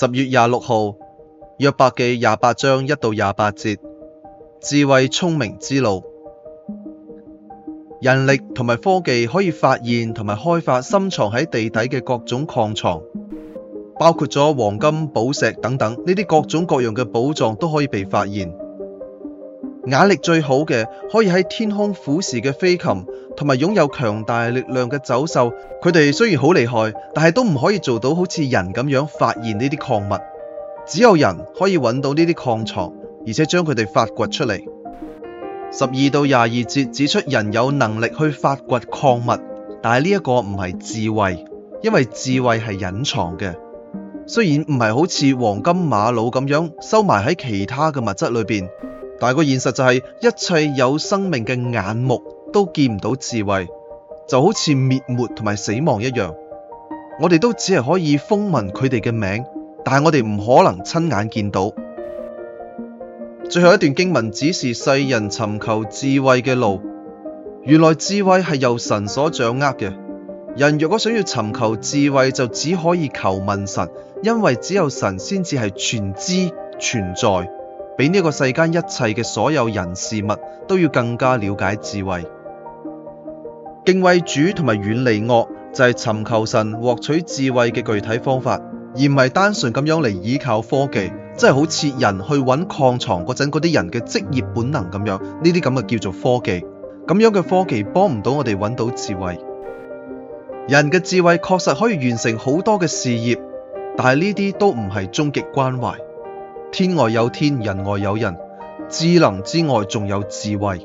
十月廿六號，約伯記廿八章一到廿八節，智慧聰明之路。人力同埋科技可以發現同埋開發深藏喺地底嘅各種礦藏，包括咗黃金、寶石等等，呢啲各種各樣嘅寶藏都可以被發現。眼力最好嘅，可以喺天空俯視嘅飛禽，同埋擁有強大力量嘅走獸，佢哋雖然好厲害，但係都唔可以做到好似人咁樣發現呢啲礦物。只有人可以揾到呢啲礦藏，而且將佢哋發掘出嚟。十二到廿二節指出人有能力去發掘礦物，但係呢一個唔係智慧，因為智慧係隱藏嘅。雖然唔係好似黃金瑪瑙咁樣收埋喺其他嘅物質裏面。但係個現實就係、是、一切有生命嘅眼目都見唔到智慧，就好似滅沒同埋死亡一樣。我哋都只係可以風聞佢哋嘅名，但係我哋唔可能親眼見到。最後一段經文指示世人尋求智慧嘅路，原來智慧係由神所掌握嘅。人若果想要尋求智慧，就只可以求問神，因為只有神先至係全知全在。比呢個世間一切嘅所有人事物都要更加了解智慧，敬畏主同埋遠離惡就係尋求神獲取智慧嘅具體方法，而唔係單純咁樣嚟依靠科技，真係好似人去揾礦床嗰陣嗰啲人嘅職業本能咁樣，呢啲咁嘅叫做科技，咁樣嘅科技幫唔到我哋揾到智慧。人嘅智慧確實可以完成好多嘅事業，但係呢啲都唔係終極關懷。天外有天，人外有人；智能之外，仲有智慧。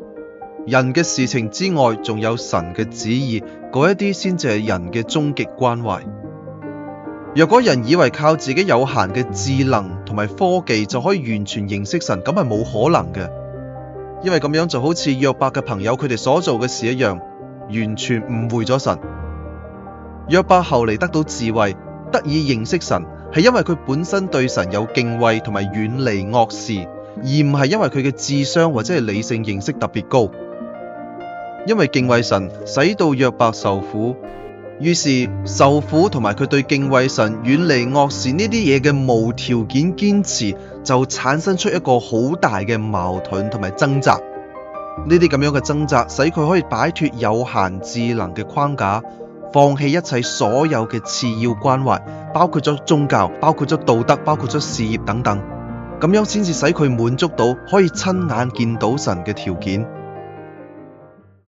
人嘅事情之外，仲有神嘅旨意，嗰一啲先至係人嘅終極關懷。若果人以為靠自己有限嘅智能同埋科技就可以完全認識神，咁係冇可能嘅，因為咁樣就好似約伯嘅朋友佢哋所做嘅事一樣，完全誤會咗神。約伯後嚟得到智慧，得以認識神。係因為佢本身對神有敬畏同埋遠離惡事，而唔係因為佢嘅智商或者係理性認識特別高。因為敬畏神，使到約伯受苦，於是受苦同埋佢對敬畏神、遠離惡事呢啲嘢嘅無條件堅持，就產生出一個好大嘅矛盾同埋掙扎。呢啲咁樣嘅掙扎，使佢可以擺脱有限智能嘅框架，放棄一切所有嘅次要關懷。包括咗宗教，包括咗道德，包括咗事業等等，咁樣先至使佢滿足到可以親眼見到神嘅條件。